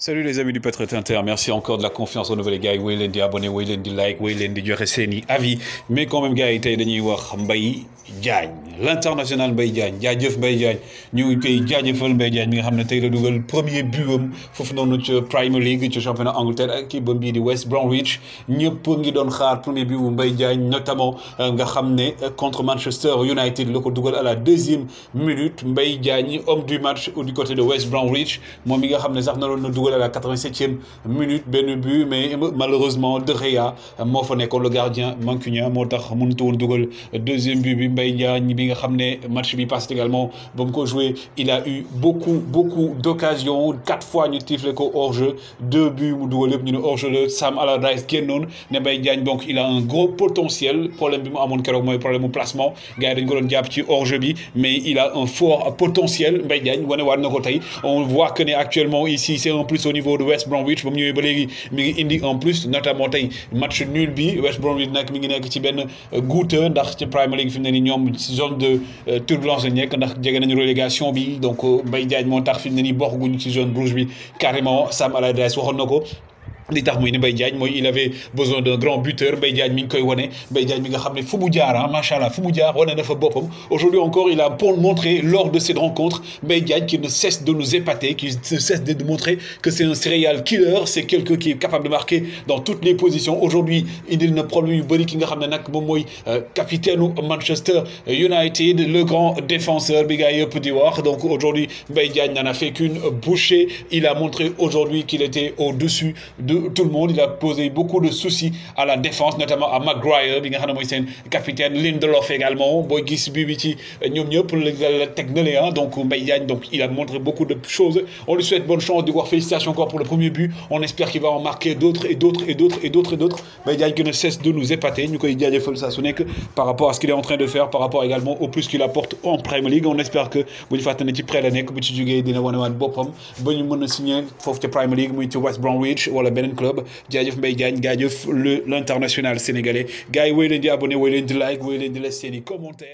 Salut les amis du Patriot Inter, merci encore de la confiance au gars les gars. leen abonné Willen, like Willen leen di joxe avis mais quand même gars il y dañuy wax Mbaye l'international Mbaye Diagne jaajëf Mbaye Diagne ñu ngi koy jaajëfal Mbaye Diagne mi nga xam tay la duggal premier but am foofu ci Premier League ci championnat Angleterre ak kii ba West Bromwich ñepp ngi doon xaar premier but bu notamment euh, nga xam euh, contre Manchester United la duggal dugal à la deuxième minute Mbaye homme du match du côté de West Bromwich mom mi nga xam sax na à la 87e septième minute benn but mais malheureusement De Gea moo fa nekkoon le gardien mancunien motax tax mënut woon deuxième but bi Mbaye Diagne nga match bi passe également bon ko joué il a eu beaucoup beaucoup d'occasions quatre fois ñu tifle ko hors jeu deux buts mu dugal yëpp ñu hors jeu Sam Allardyce génnoon ne Mbaye Diagne donc il a un gros potentiel problème à mon cas keroog problème au placement gars yi dañu ko hors jeu bi mais il a un fort potentiel Mbaye Diagne on voit qu'on est actuellement ici c'est en plus au niveau de West Bromwich bon mieux ñëwee mais il mi en plus notamment montagne match nul bi West Bromwich Nak mi ngi nekk ci benn goutte ndax ci Premier League fi ni ñoom zone de turbulence lañ nekk ndax jege nañu relégation bi donc euh, Mbaye Diagne moo tax fi mu ne ci zone rouge bi carrément Sam Allardyce waxoon na il avait besoin d'un grand buteur aujourd'hui encore il a pour le montrer lors de cette rencontre qui ne cesse de nous épater qui ne cesse de nous montrer que c'est un serial killer c'est quelqu'un qui est capable de marquer dans toutes les positions aujourd'hui il est problème premier euh, capitaine de Manchester United le grand défenseur donc aujourd'hui il n'en a fait qu'une bouchée il a montré aujourd'hui qu'il était au-dessus de tout, le monde. Il a posé beaucoup de soucis à la défense, notamment à McGuire bi nga capitaine Lindelof également Boygis gis bii pour ci ñoom hein. donc Mbaye donc il a montré beaucoup de choses. On lui souhaite bonne chance de voir félicitations encore pour le premier but on espère qu'il va en marquer d'autres et d'autres et d'autres et d'autres et d'autres Mayan qui ne cesse de nous épater ñu koy jaajëfal su nekk par rapport à ce qu'il est en train de faire par rapport également au plus qu'il apporte en Premier League on espère que bu ñu un petit prêt la l'année, bu ci dina a signer Premier League West Bromwich wala club jaajëf Mbaye l'international sénégalais Guy vous abonné like